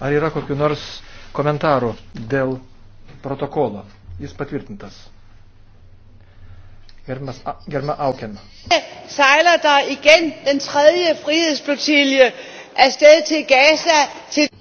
Ar yra kokiu nors komentarų dėl protokolo? Jis patvirtintas. Gerbiamas, gerbiama Auken. Sejler der igen den tredje frihedsflotilje afsted til Gaza til